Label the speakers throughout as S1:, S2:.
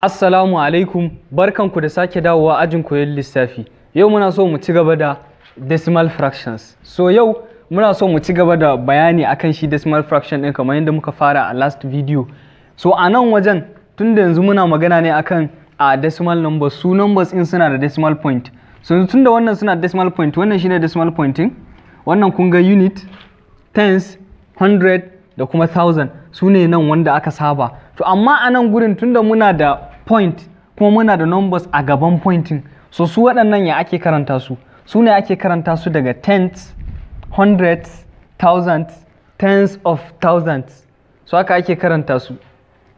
S1: Assalamu alaikum barkanku da sake dawowa ajin koyon lissafi yau muna so mu ci gaba da decimal fractions so yau muna so mu ci gaba da bayani akan shi decimal fraction din kamar yadda muka fara a last video so a nan wajen tun da yanzu muna magana ne akan a decimal numbers su numbers in suna da decimal point so tun da wannan suna decimal point wannan shine decimal pointing wannan kun ga unit tens hundred da kuma thousand su ne nan wanda aka saba to amma a nan gurin tunda muna da point kuma muna da numbers a gaban pointing so su waɗannan ya ake karanta su su ne ake karanta su daga tens hundreds thousands tens of thousands so haka ake karanta su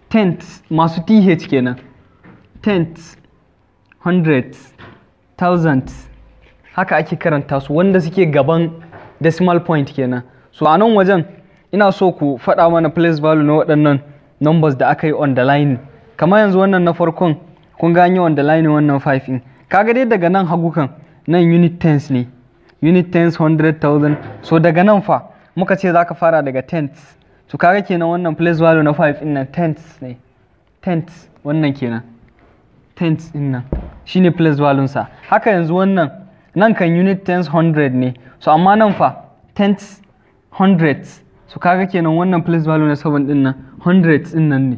S1: tens masu th kenan tens hundreds thousands haka ake karanta su wanda suke gaban decimal point kenan so a nan wajen ina so ku faɗa mana place value na waɗannan numbers da aka yi on the line kamar yanzu wannan na farkon kun gani wanda line wannan 5 in kaga dai daga nan hagu kan nan unit tens ne unit tens 100,000 so daga nan fa muka ce za ka fara daga tens to kaga kenan wannan place value na 5 in nan tens ne tens wannan kenan tens in nan shine place value sa haka yanzu wannan nan kan unit tens 100 ne so amma nan fa tens hundreds so kaga kenan wannan place value na 7 din nan hundreds din nan ne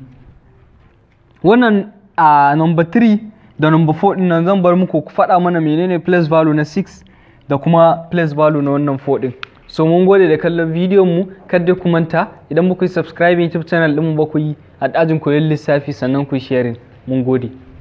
S1: wannan a number 3 da number 4 din nan zan bar muku ku faɗa mana menene place value na 6 da kuma place value na wannan 4 din so mun gode da kallon bidiyon mu kada ku manta idan muku yi subscribing youtube channel din mu ba ku yi a dajin koyon lissafi sannan ku sharing mun gode